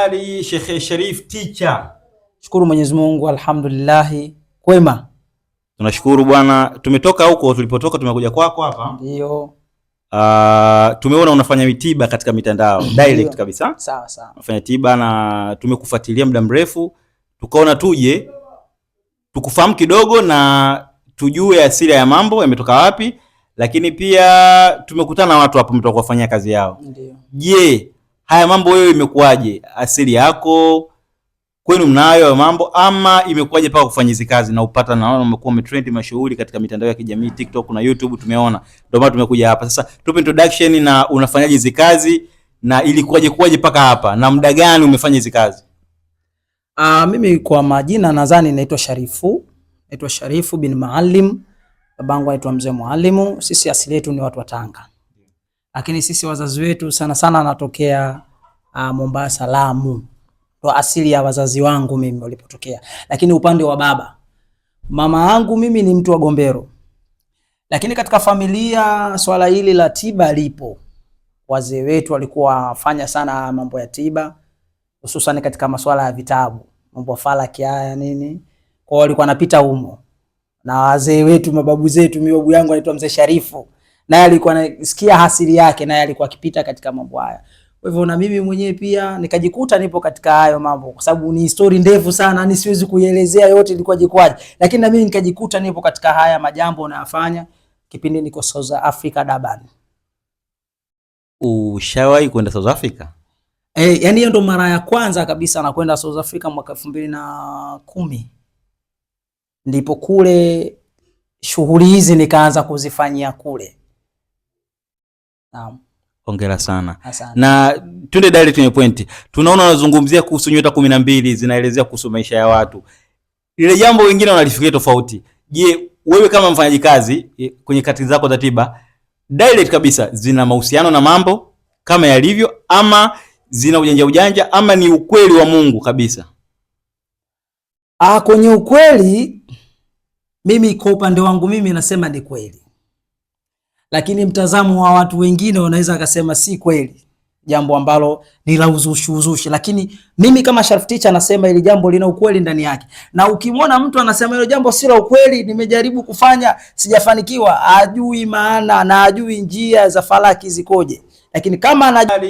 Ali Sheikh Sharif Teacher. Shukuru Mwenyezi Mungu alhamdulillah kwema. Tunashukuru bwana, tumetoka huko tulipotoka tumekuja kwako hapa. Ndio. Uh, tumeona unafanya mitiba katika mitandao direct kabisa. Sawa sawa. Unafanya tiba na tumekufuatilia muda mrefu, tukaona tuje tukufahamu kidogo na tujue asili ya mambo yametoka wapi, lakini pia tumekutana na watu hapo mtoka kuwafanyia kazi yao. Ndio. Je, haya mambo wewe imekuwaje? Asili yako kwenu mnayo hayo mambo ama imekuwaje mpaka kufanya hizi kazi na upata? na Naona umekuwa umetrend mashuhuri katika mitandao ya kijamii TikTok na YouTube, tumeona ndio maana tumekuja hapa sasa. Tupe introduction na unafanyaje hizi kazi na ilikuwaje kuwaje paka hapa na muda gani umefanya hizi kazi? Uh, mimi kwa majina nadhani naitwa Sharifu, naitwa Sharifu bin Maalim, babangu anaitwa Mzee Mwalimu. Sisi asili yetu ni watu wa Tanga, lakini sisi wazazi wetu sana sana anatokea uh, Mombasa, Lamu, ndo asili ya wazazi wangu mimi walipotokea. Lakini upande wa baba, mama yangu mimi ni mtu wa Gombero, lakini katika familia swala hili la tiba lipo. Wazee wetu walikuwa wafanya sana mambo ya tiba, hususan katika masuala ya vitabu, mambo ya falaki haya nini, kwa walikuwa wanapita humo na wazee wetu, mababu zetu. Babu yangu anaitwa Mzee Sharifu, naye alikuwa anasikia hasili yake, naye alikuwa akipita katika mambo haya. Kwa hivyo na mimi mwenyewe pia nikajikuta nipo katika hayo mambo, kwa sababu ni story ndefu sana, ni siwezi kuielezea yote ilikuwa jikwaje, lakini na mimi nikajikuta nipo katika haya majambo nayafanya kipindi niko South Africa Durban. Ushawahi kwenda South Africa? Eh, yani hiyo ndo mara ya kwanza kabisa nakwenda South Africa mwaka elfu mbili na kumi ndipo kule shughuli hizi nikaanza kuzifanyia kule. Naam. Hongera sana. Asana. Na twende direct kwenye point. Tunaona unazungumzia kuhusu nyota kumi na mbili zinaelezea kuhusu maisha ya watu. Lile jambo wengine wanalifikiria tofauti. Je, wewe kama mfanyaji kazi eh, kwenye kati zako za tiba direct kabisa zina mahusiano na mambo kama yalivyo ama zina ujanja ujanja ama ni ukweli wa Mungu kabisa? Ah, kwenye ukweli mimi kwa upande wangu mimi nasema ni kweli lakini mtazamo wa watu wengine wanaweza akasema si kweli, jambo ambalo ni la uzushi uzushi. Lakini mimi kama Sharif Teacher anasema ili jambo lina ukweli ndani yake, na ukimwona mtu anasema hilo jambo si la ukweli, nimejaribu kufanya sijafanikiwa, ajui maana na ajui njia za falaki zikoje, lakini kama anajua